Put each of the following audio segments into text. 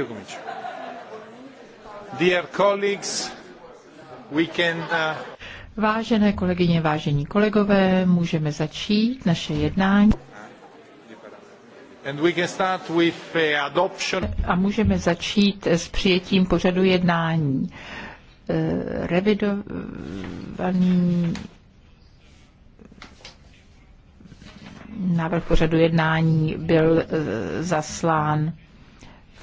Uh, Vážené kolegyně, vážení kolegové, můžeme začít naše jednání. A můžeme začít s přijetím pořadu jednání. Eh, revidovaný návrh pořadu jednání byl eh, zaslán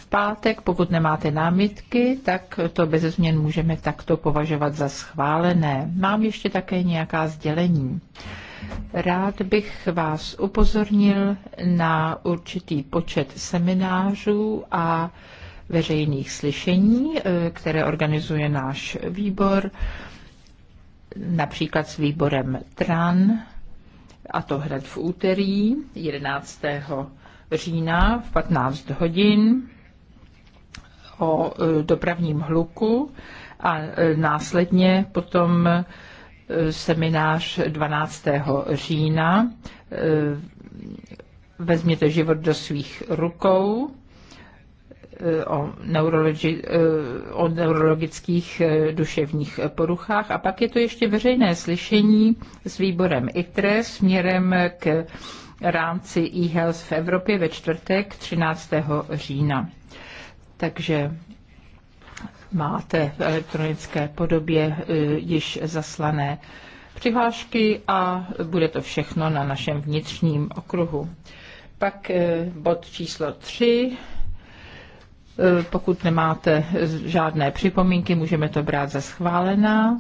pátek. Pokud nemáte námitky, tak to bez změn můžeme takto považovat za schválené. Mám ještě také nějaká sdělení. Rád bych vás upozornil na určitý počet seminářů a veřejných slyšení, eh, které organizuje náš výbor, například s výborem TRAN, a to hned v úterý 11. října v 15 hodin o e, dopravním hluku a e, následně potom e, seminář 12. října. Vezměte život do svých rukou o, neurologi, o neurologických duševních poruchách. A pak je to ještě veřejné slyšení s výborem ITRE směrem k rámci e-health v Evropě ve čtvrtek 13. října takže máte v elektronické podobě e, již zaslané přihlášky a bude to všechno na našem vnitřním okruhu. Pak e, bod číslo 3. E, pokud nemáte žádné připomínky, můžeme to brát za schválená.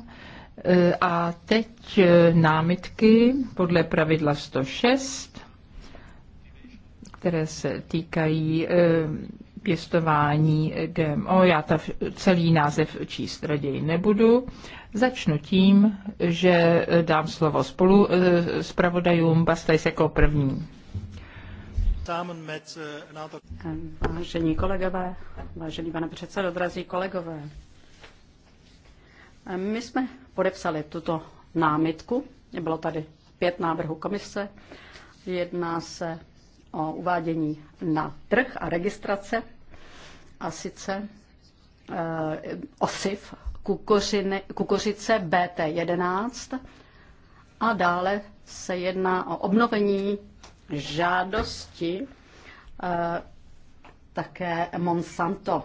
A teď námitky podle pravidla 106, které se týkají pěstování GMO. Já ta celý název číst raději nebudu. Začnu tím, že dám slovo spolu eh, zpravodajům Bastajs jako první. Vážení kolegové, vážený pane předsedo, drazí kolegové, my jsme podepsali tuto námitku, bylo tady pět návrhů komise, jedná se o uvádění na trh a registrace, a sice e, osiv kukořiny, kukořice BT11 a dále se jedná o obnovení žádosti e, také Monsanto.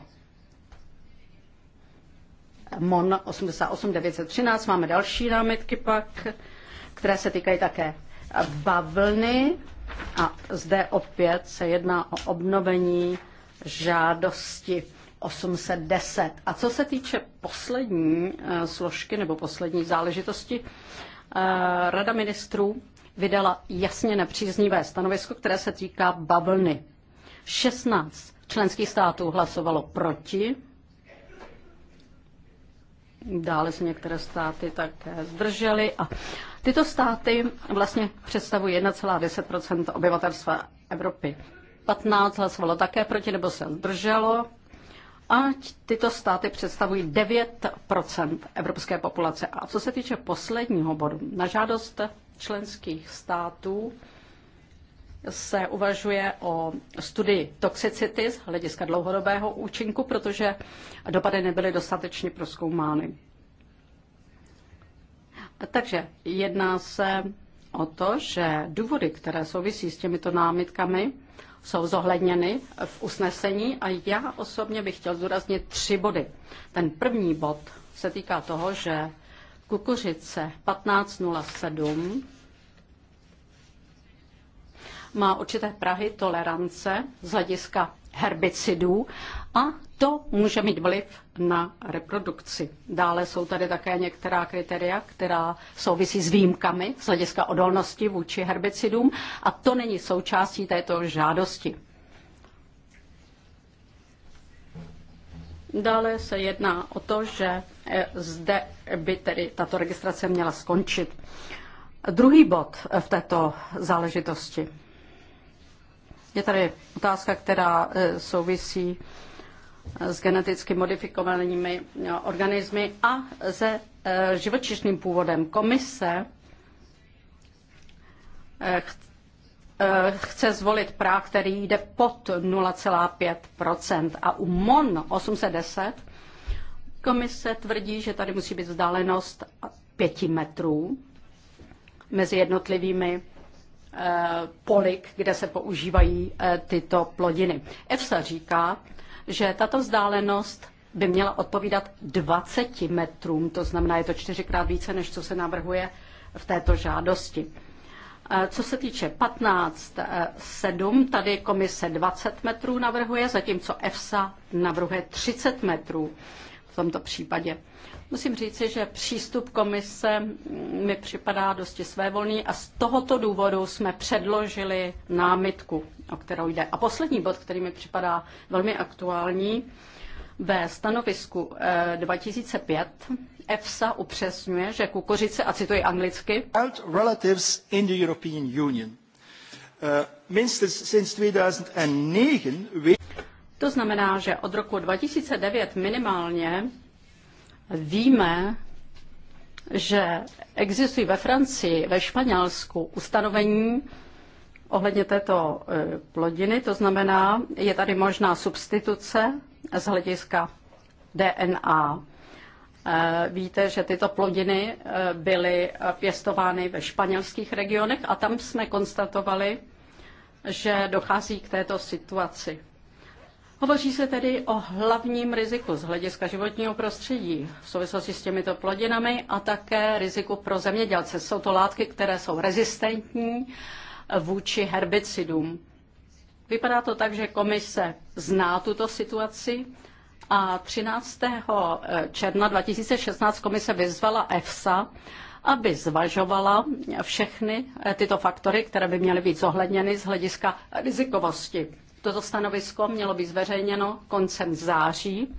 MON 88913, máme další námitky pak, které se týkají také bavlny a zde opět se jedná o obnovení žádosti 810. A co se týče poslední eh, složky nebo poslední záležitosti, eh, Rada ministrů vydala jasně nepříznivé stanovisko, které se týká bavlny. 16 členských států hlasovalo proti Dále se některé státy také zdržely a tyto státy vlastně představují 1,10 obyvatelstva Evropy. 15 hlasovalo také proti nebo se zdrželo a tyto státy představují 9 evropské populace. A co se týče posledního bodu, na žádost členských států se uvažuje o studii toxicity z hlediska dlouhodobého účinku, protože dopady nebyly dostatečně proskoumány. Takže jedná se o to, že důvody, které souvisí s těmito námitkami, jsou zohledněny v usnesení a já osobně bych chtěl zdůraznit tři body. Ten první bod se týká toho, že kukuřice 1507 má určité prahy tolerance z hlediska herbicidů a to může mít vliv na reprodukci. Dále jsou tady také některá kritéria, která souvisí s výjimkami z hlediska odolnosti vůči herbicidům a to není součástí této žádosti. Dále se jedná o to, že eh, zde by tedy tato registrace měla skončit. Druhý bod eh, v této záležitosti. Je tady otázka, která e, souvisí e, s geneticky modifikovanými e, organismy a se živočišným původem. Komise chce zvolit práh, který jde pod 0,5 a u MON 810 komise tvrdí, že tady musí být vzdálenost 5 metrů mezi jednotlivými Eh, polik, kde se používají eh, tyto plodiny. EFSA říká, že tato vzdálenost by měla odpovídat 20 metrům, to znamená, je to čtyřikrát více, než co se navrhuje v této žádosti. Eh, co se týče 15.7, tady komise 20 metrů navrhuje, zatímco EFSA navrhuje 30 metrů v tomto případě. Musím říci, že přístup komise mm, mi připadá dosti svévolný a z tohoto důvodu jsme předložili námitku, o kterou jde. A poslední bod, který mi připadá velmi aktuální, ve stanovisku 2005 eh, EFSA upřesňuje, že kukuřice, a cituji anglicky, relatives in the European Union. Uh, minstens 2009 to znamená, že od roku 2009 minimálně víme, že existují ve Francii, ve Španělsku ustanovení ohledně této e, plodiny, to znamená, je tady možná substituce z hlediska DNA. E, víte, že tyto plodiny e, byly pěstovány ve španělských regionech a tam jsme konstatovali, že dochází k této situaci. Hovoří se tedy o hlavním riziku z hlediska životního prostředí v souvislosti s těmito plodinami a také riziku pro zemědělce. Jsou to látky, které jsou rezistentní vůči herbicidům. Vypadá to tak, že komise zná tuto situaci a 13. Eh, června 2016 komise vyzvala EFSA, aby zvažovala všechny eh, tyto faktory, které by měly být zohledněny z hlediska rizikovosti. Toto stanovisko mělo být zveřejněno koncem září.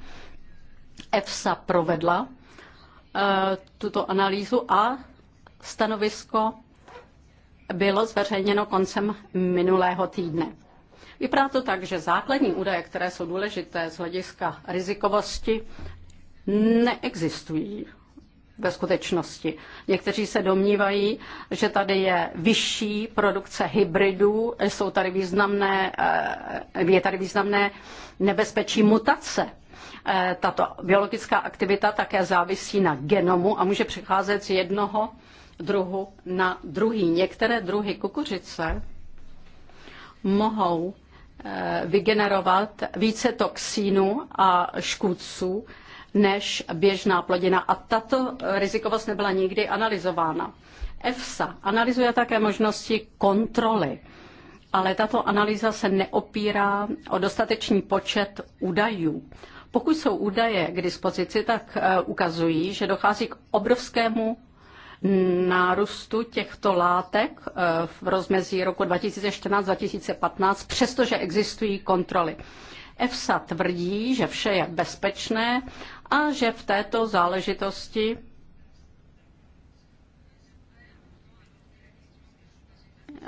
EFSA provedla eh, tuto analýzu a stanovisko bylo zveřejněno koncem minulého týdne. Vypadá to tak, že základní údaje, které jsou důležité z hlediska rizikovosti, neexistují ve skutečnosti. Někteří se domnívají, že tady je vyšší produkce hybridů, jsou tady významné, eh, je tady významné nebezpečí mutace. Eh, tato biologická aktivita také závisí na genomu a může přecházet z jednoho druhu na druhý. Některé druhy kukuřice mohou eh, vygenerovat více toxínů a škůdců než běžná plodina a tato rizikovost nebyla nikdy analyzována. EFSA analyzuje také možnosti kontroly, ale tato analýza se neopírá o dostatečný počet údajů. Pokud jsou údaje k dispozici, tak eh, ukazují, že dochází k obrovskému nárůstu těchto látek eh, v rozmezí roku 2014-2015, přestože existují kontroly. EFSA tvrdí, že vše je bezpečné a že v této záležitosti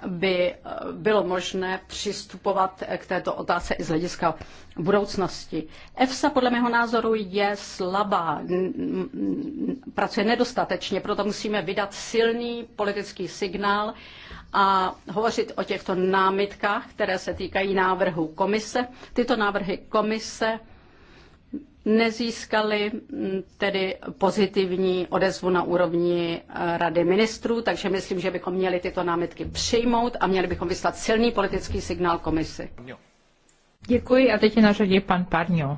by eh, bylo možné přistupovat eh, k této otázce i z hlediska budoucnosti. EFSA podle mého názoru je slabá, pracuje nedostatečně, proto musíme vydat silný politický signál a hovořit o těchto námitkách, které se týkají návrhu komise. Tyto návrhy komise nezískali mm, tedy pozitivní odezvu na úrovni eh, Rady ministrů, takže myslím, že bychom měli tyto námitky přijmout a měli bychom vyslat silný politický signál komisi. Děkuji a teď je na řadě pan Parňo.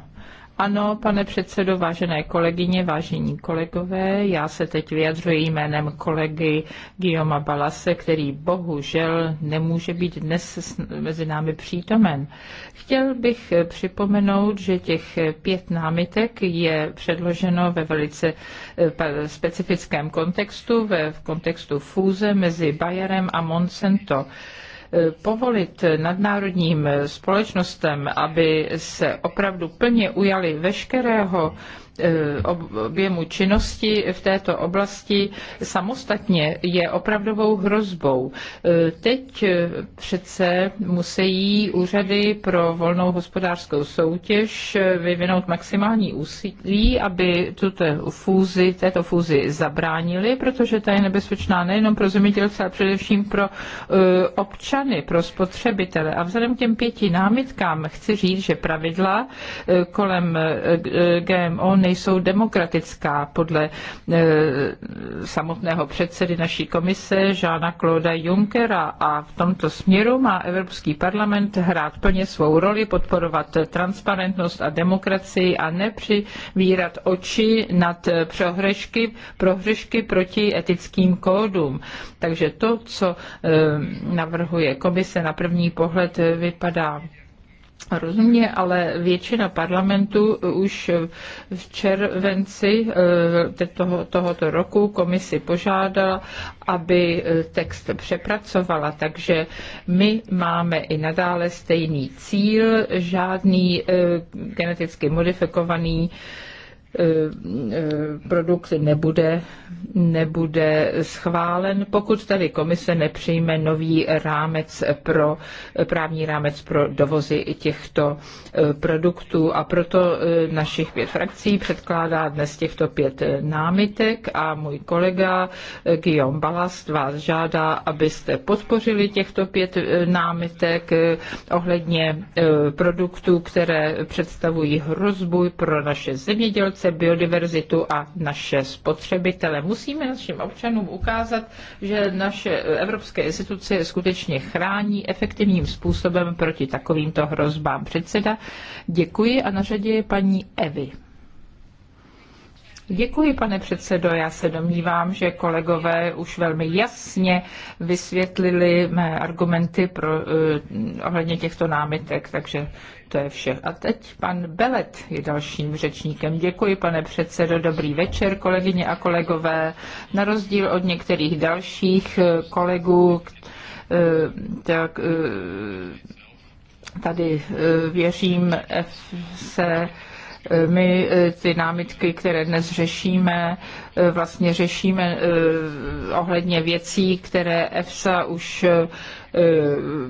Ano, pane předsedo, vážené kolegyně, vážení kolegové, já se teď vyjadřuji jménem kolegy Guillaume Balase, který bohužel nemůže být dnes mezi námi přítomen. Chtěl bych připomenout, že těch pět námitek je předloženo ve velice eh, specifickém kontextu, ve kontextu fúze mezi Bayerem a Monsanto. Eh, povolit nadnárodním společnostem, aby se opravdu plně ujali veškerého Eh, objemu činnosti v této oblasti samostatně je opravdovou hrozbou. Eh, teď eh, přece musí úřady pro volnou hospodářskou soutěž vyvinout maximální úsilí, aby tuto fúzi, této fúzi zabránili, protože ta je nebezpečná nejenom pro zemědělce, ale především pro občany, pro spotřebitele. A vzhledem k těm pěti námitkám chci říct, že pravidla kolem GMO nejsou demokratická. Podle eh, samotného předsedy naší komise Žána Claude Junckera a v tomto směru má Evropský parlament hrát plně svou roli, podporovat transparentnost a demokracii a nepřivírat oči nad prohřešky, prohřešky proti etickým kódům. Takže to, co eh, navrhuje komise na první pohled, vypadá Rozumě, ale většina parlamentu už v červenci eh, toho, tohoto roku komisi požádala, aby eh, text přepracovala. Takže my máme i nadále stejný cíl, žádný eh, geneticky modifikovaný E, e, produkt nebude, nebude schválen, pokud tady komise nepřijme nový rámec pro, právní rámec pro dovozy těchto e, produktů. A proto našich pět frakcí předkládá dnes těchto pět námitek a můj kolega Guillaume Balast vás žádá, abyste podpořili těchto pět námitek ohledně produktů, které představují hrozbu pro naše zemědělce vegetace, biodiverzitu a naše spotřebitele. Musíme našim občanům ukázat, že naše evropské instituce skutečně chrání efektivním způsobem proti takovýmto hrozbám. Předseda, děkuji a na řadě je paní Evy. Děkuji, pane předsedo. Já se domnívám, že kolegové už velmi jasně vysvětlili mé argumenty pro, uh, ohledně těchto námitek, takže to je vše. A teď pan Belet je dalším řečníkem. Děkuji, pane předsedo. Dobrý večer, kolegyně a kolegové. Na rozdíl od některých dalších eh, kolegů, eh, tak eh, tady věřím se my eh, ty námitky, které dnes řešíme, eh, vlastně řešíme eh, ohledně věcí, které EFSA už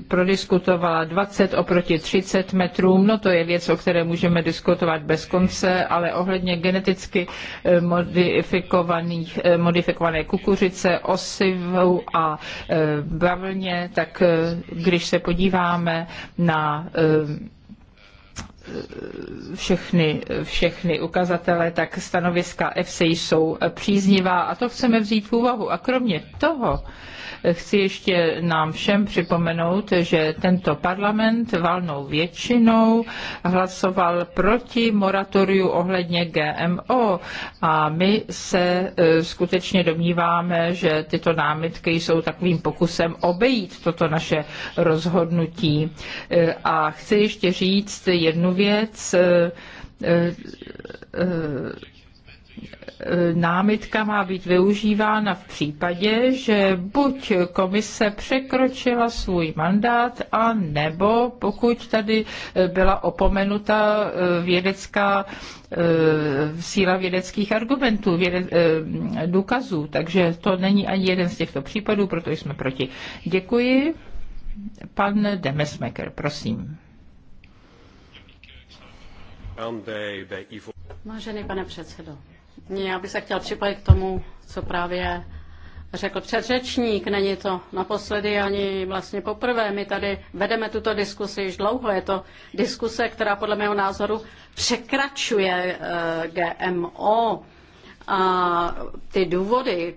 prodiskutovala 20 oproti 30 metrům, no to je věc, o které můžeme diskutovat bez konce, ale ohledně geneticky modifikovaných, modifikované kukuřice, osivu a bavlně, tak když se podíváme na všechny, všechny ukazatele, tak stanoviska FC jsou příznivá a to chceme vzít v úvahu. A kromě toho chci ještě nám všem připomenout, že tento parlament valnou většinou hlasoval proti moratoriu ohledně GMO a my se e, skutečně domníváme, že tyto námitky jsou takovým pokusem obejít toto naše rozhodnutí. E, a chci ještě říct jednu věc eh, eh, eh, námitka má být využívána v případě, že buď komise překročila svůj mandát, a nebo pokud tady byla opomenuta vědecká síla vědeckých argumentů, věde, důkazů. Takže to není ani jeden z těchto případů, proto jsme proti. Děkuji. Pan Demesmaker, prosím. Vážený pane předsedo, já bych se chtěl připojit k tomu, co právě řekl předřečník. Není to naposledy ani vlastně poprvé. My tady vedeme tuto diskusi již dlouho. Je to diskuse, která podle mého názoru překračuje eh, GMO. A ty důvody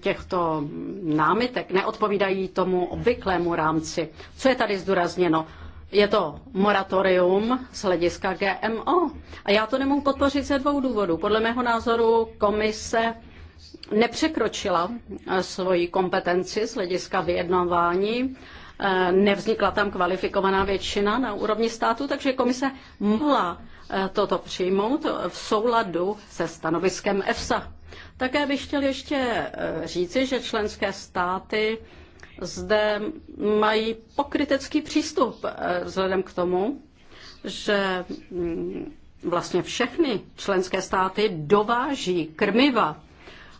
těchto námitek neodpovídají tomu obvyklému rámci. Co je tady zdůrazněno? Je to moratorium z hlediska GMO. A já to nemohu podpořit ze dvou důvodů. Podle mého názoru komise nepřekročila eh, svoji kompetenci z hlediska vyjednávání eh, nevznikla tam kvalifikovaná většina na úrovni státu, takže komise mohla eh, toto přijmout v souladu se stanoviskem EFSA. Také bych chtěl ještě říci, že členské státy zde mají pokrytecký přístup eh, vzhledem k tomu, že mm, vlastně všechny členské státy dováží krmiva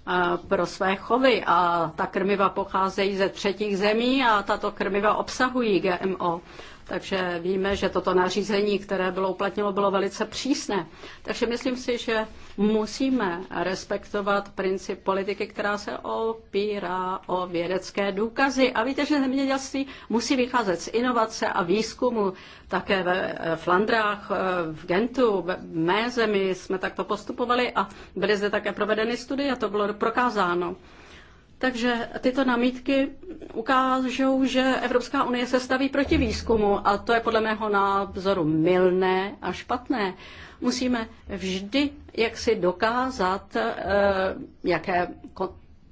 eh, pro své chovy a ta krmiva pocházejí ze třetích zemí a tato krmiva obsahují GMO. Takže víme, že toto nařízení, které bylo uplatněno, bylo velice přísné. Takže myslím si, že musíme respektovat princip politiky, která se opírá o vědecké důkazy. A víte, že zemědělství musí vycházet z inovace a výzkumu. Také ve Flandrách, eh, v Gentu, v mé zemi jsme takto postupovali a byly zde také provedeny studie a to bylo prokázáno. Takže tyto namítky ukážou, že Evropská unie se staví proti výzkumu a to je podle mého názoru milné a špatné. Musíme vždy jaksi dokázat, eh, jaké,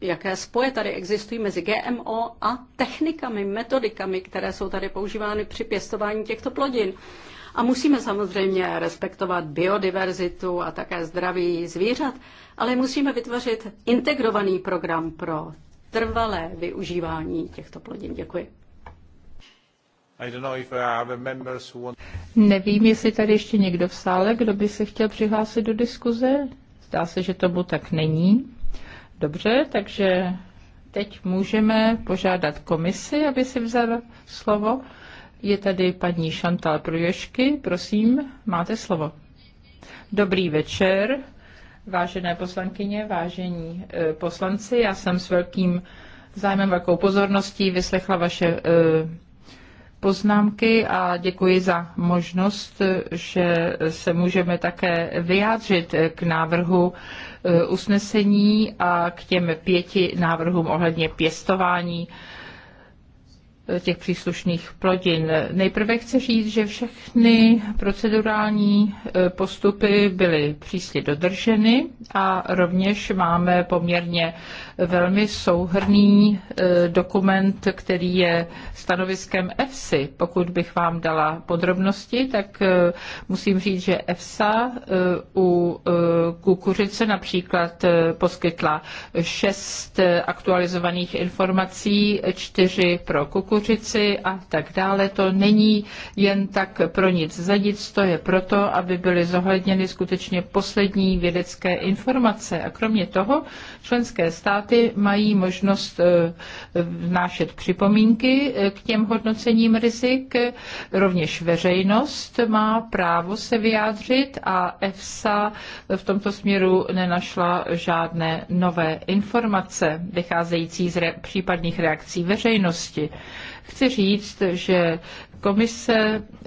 jaké spoje tady existují mezi GMO a technikami, metodikami, které jsou tady používány při pěstování těchto plodin. A musíme samozřejmě respektovat biodiverzitu a také zdraví zvířat, ale musíme vytvořit integrovaný program pro trvalé využívání těchto plodin. Děkuji. Nevím, jestli tady ještě někdo v sále, kdo by se chtěl přihlásit do diskuze. Zdá se, že tomu tak není. Dobře, takže teď můžeme požádat komisi, aby si vzala slovo. Je tady paní Šantal Pruješky, prosím, máte slovo. Dobrý večer, vážené poslankyně, vážení e, poslanci. Já jsem s velkým zájmem, velkou pozorností vyslechla vaše e, poznámky a děkuji za možnost, že se můžeme také vyjádřit k návrhu e, usnesení a k těm pěti návrhům ohledně pěstování těch příslušných plodin. Nejprve chci říct, že všechny procedurální e, postupy byly přísně dodrženy a rovněž máme poměrně velmi souhrný e, dokument, který je stanoviskem EFSI. Pokud bych vám dala podrobnosti, tak e, musím říct, že EFSA u kukuřice například poskytla šest aktualizovaných informací, čtyři pro kukuřice, kukuřici a tak dále. To není jen tak pro nic za nic, to je proto, aby byly zohledněny skutečně poslední vědecké informace. A kromě toho členské státy mají možnost eh, vnášet připomínky eh, k těm hodnocením rizik, rovněž veřejnost má právo se vyjádřit a EFSA v tomto směru nenašla žádné nové informace vycházející z re- případných reakcí veřejnosti. Chci říct, že komise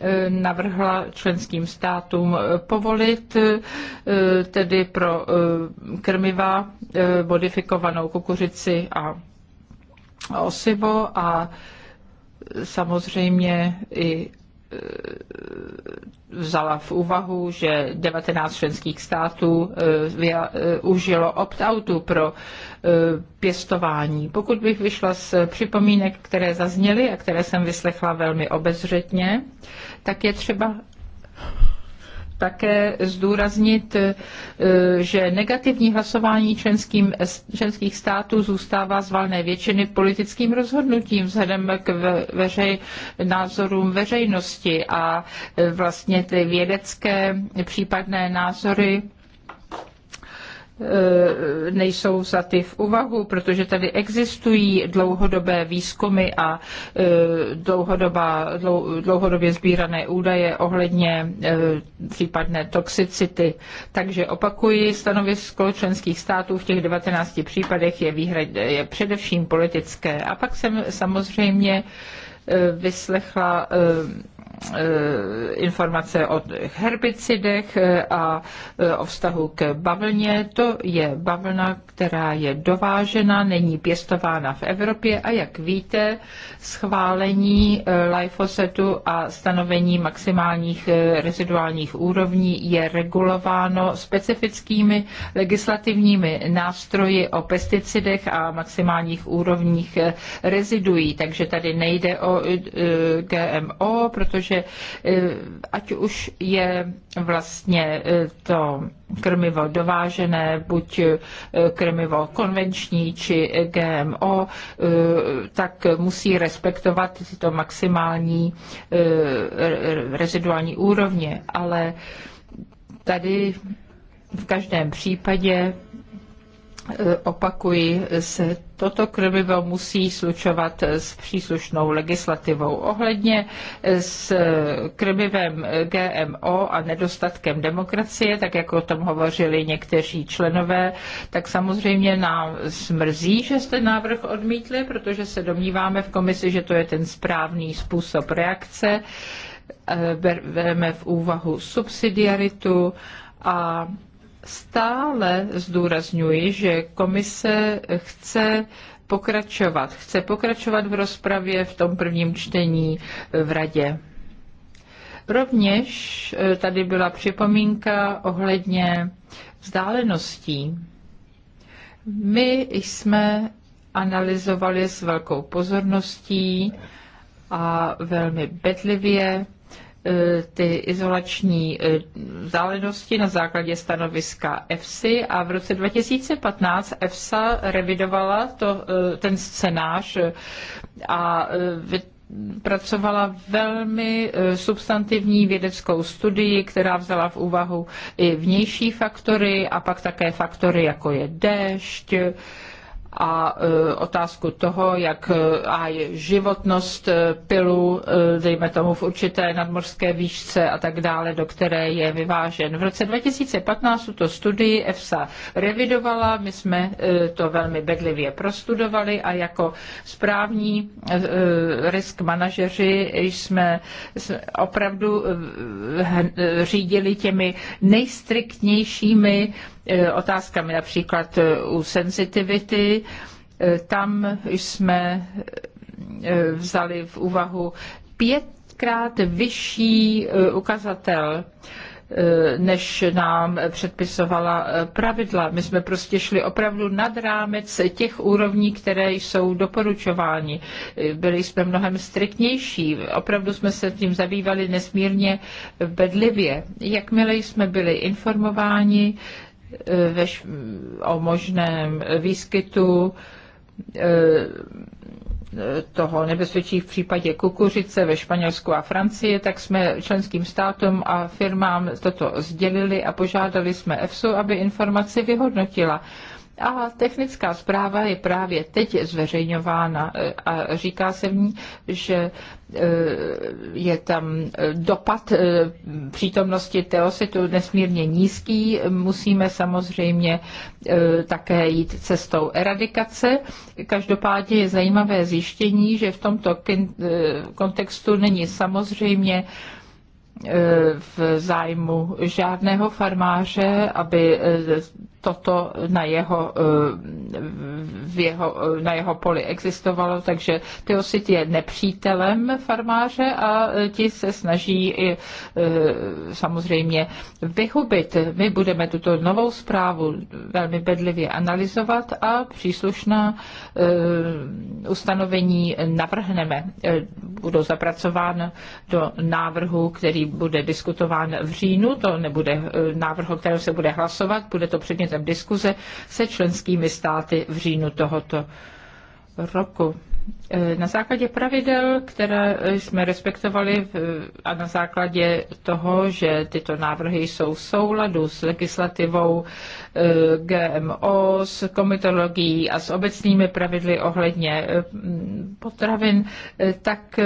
eh, navrhla členským státům eh, povolit eh, tedy pro krmiva modifikovanou kukuřici a osivo a samozřejmě i Eh, vzala v úvahu, že 19 členských států eh, eh, užilo opt-outu pro pěstování. Pokud bych vyšla z připomínek, které zazněly a které jsem vyslechla velmi obezřetně, tak je třeba také zdůraznit, e, že negativní hlasování členským, členských států zůstává z valné většiny politickým rozhodnutím vzhledem k veřej, názorům veřejnosti a e, vlastně ty vědecké případné názory Eh, nejsou vzaty v úvahu, protože tady existují dlouhodobé výzkumy a eh, dlouhodobá, dlouhodobě sbírané údaje ohledně eh, případné toxicity. Takže opakuji, stanovisko členských států v těch 19 případech je, výhrad, je především politické. A pak jsem samozřejmě vyslechla Eh, informace o herbicidech eh, a eh, o vztahu k bavlně. To je bavlna, která je dovážena, není pěstována v Evropě a jak víte, schválení lifosetu a stanovení maximálních reziduálních úrovní je regulováno specifickými legislativními nástroji o pesticidech a maximálních úrovních reziduí. Takže tady nejde o GMO, protože protože eh, ať už je vlastně eh, to krmivo dovážené, buď eh, krmivo konvenční či GMO, tak musí respektovat tyto maximální reziduální úrovně. Ale tady v každém případě E, opakuji, se toto krmivo musí slučovat s příslušnou legislativou. Ohledně e, s krmivem GMO a nedostatkem demokracie, tak jako o tom hovořili někteří členové, tak samozřejmě nám smrzí, že jste návrh odmítli, protože se domníváme v komisi, že to je ten správný způsob reakce. E, Bereme v úvahu subsidiaritu a stále zdůrazňuji, že komise chce pokračovat. Chce pokračovat v rozpravě v tom prvním čtení eh, v radě. Rovněž eh, tady byla připomínka ohledně vzdáleností. My jsme analyzovali s velkou pozorností a velmi bedlivě E, ty izolační e, záležitosti na základě stanoviska EFSI a v roce 2015 EFSA revidovala to, e, ten scénář a pracovala velmi substantivní vědeckou studii, která vzala v úvahu i vnější faktory a pak také faktory, jako je déšť, a e, otázku toho, jak e, a je životnost e, pilu, dejme tomu v určité nadmorské výšce a tak dále, do které je vyvážen. V roce 2015 tuto studii EFSA revidovala, my jsme to velmi bedlivě prostudovali a jako správní risk manažeři jsme opravdu řídili těmi nejstriktnějšími E, otázkami, například e, u sensitivity. E, tam jsme vzali v úvahu pětkrát vyšší ukazatel než nám předpisovala pravidla. My jsme prostě šli opravdu nad rámec těch úrovní, které jsou doporučovány. Byli jsme mnohem striktnější, opravdu jsme se tím zabývali nesmírně bedlivě. Jakmile jsme byli informováni, veš, o možném výskytu e, toho nebezpečí v případě kukuřice ve Španělsku a Francii, tak jsme členským státům a firmám toto sdělili a požádali jsme EFSU, aby informaci vyhodnotila. A technická zpráva je právě teď zveřejňována e, a říká se v ní, že e, je tam e, dopad přítomnosti teositu nesmírně nízký. Musíme samozřejmě také jít cestou eradikace. Každopádně je zajímavé zjištění, že v tomto kontextu není samozřejmě v zájmu žádného farmáře, aby toto na jeho, eh, v jeho, eh, na jeho poli existovalo, takže Teosit je nepřítelem farmáře a eh, ti se snaží i, samozřejmě vyhubit. My budeme tuto novou zprávu velmi bedlivě analyzovat a příslušná ustanovení navrhneme. Budou zapracován do návrhu, který bude diskutován v říjnu. To nebude návrh, o kterém se bude hlasovat, bude to předmětem předmětem diskuze se členskými státy v říjnu tohoto roku. E, na základě pravidel, které jsme respektovali a na základě toho, že tyto návrhy jsou v souladu s legislativou e, GMO, s komitologií a s obecnými pravidly ohledně e, potravin, tak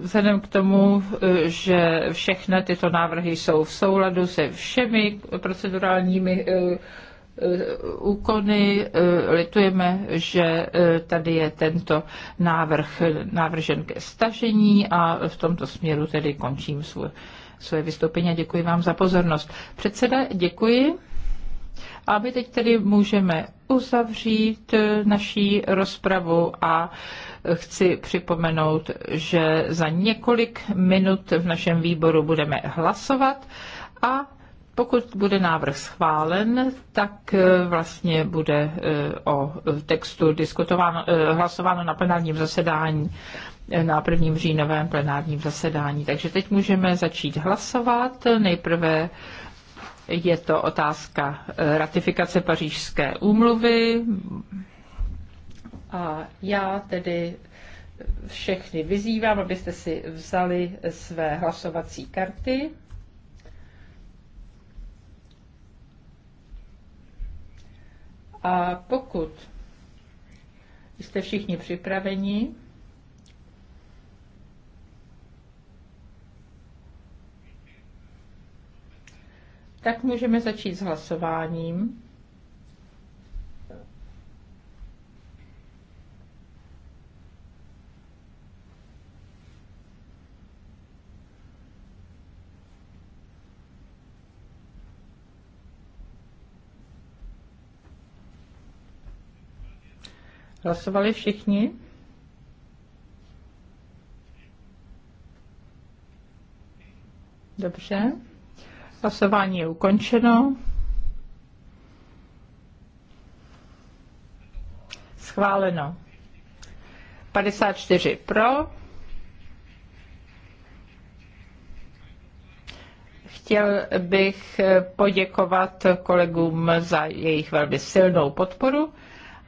vzhledem k tomu, že všechny tyto návrhy jsou v souladu se všemi procedurálními eh, eh, úkony, eh, litujeme, že tady je tento návrh návržen ke stažení a v tomto směru tedy končím svůj, svoje vystoupení a děkuji vám za pozornost. Předseda, děkuji. A my teď tedy můžeme uzavřít eh, naší rozpravu a eh, chci připomenout, že za několik minut v našem výboru budeme hlasovat a pokud bude návrh schválen, tak eh, vlastně bude o textu diskutováno, hlasováno na plenárním zasedání, na prvním říjnovém plenárním zasedání. Takže teď můžeme začít hlasovat. Nejprve je to otázka eh, ratifikace pařížské úmluvy. A já tedy všechny vyzývám, abyste si vzali své hlasovací karty. A pokud jste všichni připraveni, tak můžeme začít s hlasováním. Hlasovali všichni? Dobře. Hlasování je ukončeno. Schváleno. 54 pro. Chtěl bych poděkovat kolegům za jejich velmi silnou podporu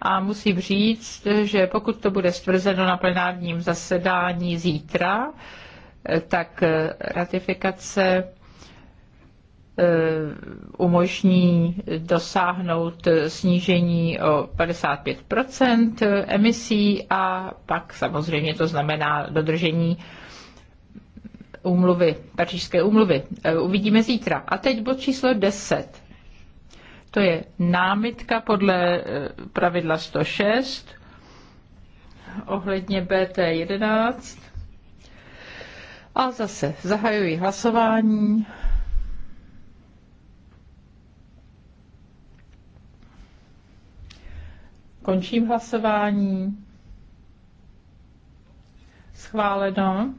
a musím říct, že pokud to bude stvrzeno na plenárním zasedání zítra, tak ratifikace Eh, umožní dosáhnout snížení o 55 emisí a pak samozřejmě to znamená dodržení úmluvy, pařížské úmluvy. Eh, uvidíme zítra. A teď bod číslo 10. To je námitka podle eh, pravidla 106 ohledně BT11. A zase zahajuji hlasování. Končím hlasování. Schváleno.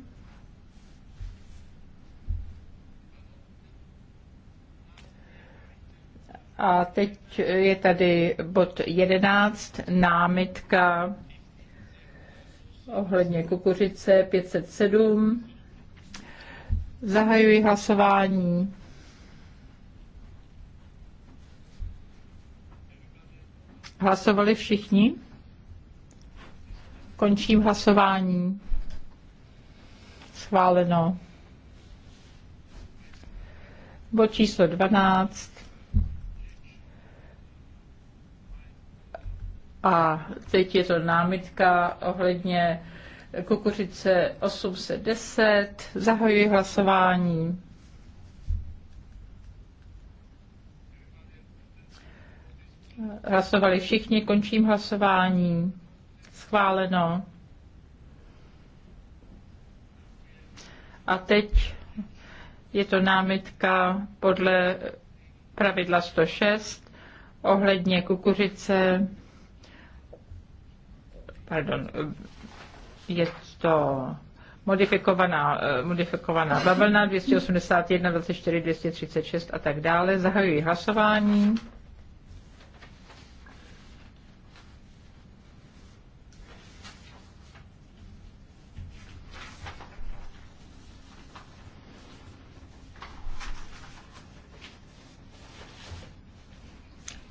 A teď je tady bod 11, námitka ohledně kukuřice 507. Zahajuji hlasování. Hlasovali všichni? Končím hlasování. Schváleno. Bod číslo 12. A teď je to námitka ohledně kukuřice 810. Zahajuji hlasování. Hlasovali všichni, končím hlasování. Schváleno. A teď je to námitka podle pravidla 106 ohledně kukuřice. Pardon, je to modifikovaná, eh, modifikovaná bavlna 281, 24, 236 a tak dále. Zahajuji hlasování.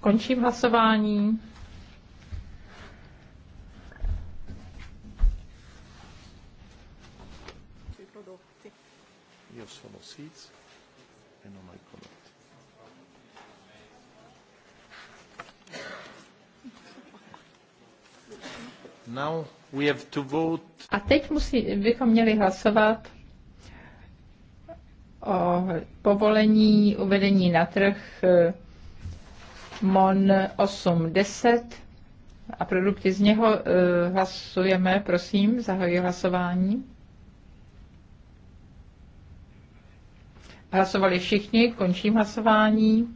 Končím hlasování. E Now we have to vote. A teď musí, bychom měli hlasovat o povolení uvedení na trh eh, MON 810 a produkty z něho eh, hlasujeme, prosím, zahajuji hlasování. Hlasovali všichni, končím hlasování.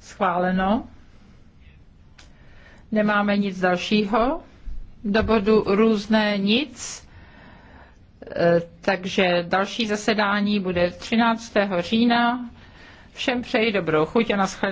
Schváleno. Nemáme nic dalšího. Do bodu různé nic. Eh, takže další zasedání bude 13. října Všem přeji dobrou chuť a nashledanou.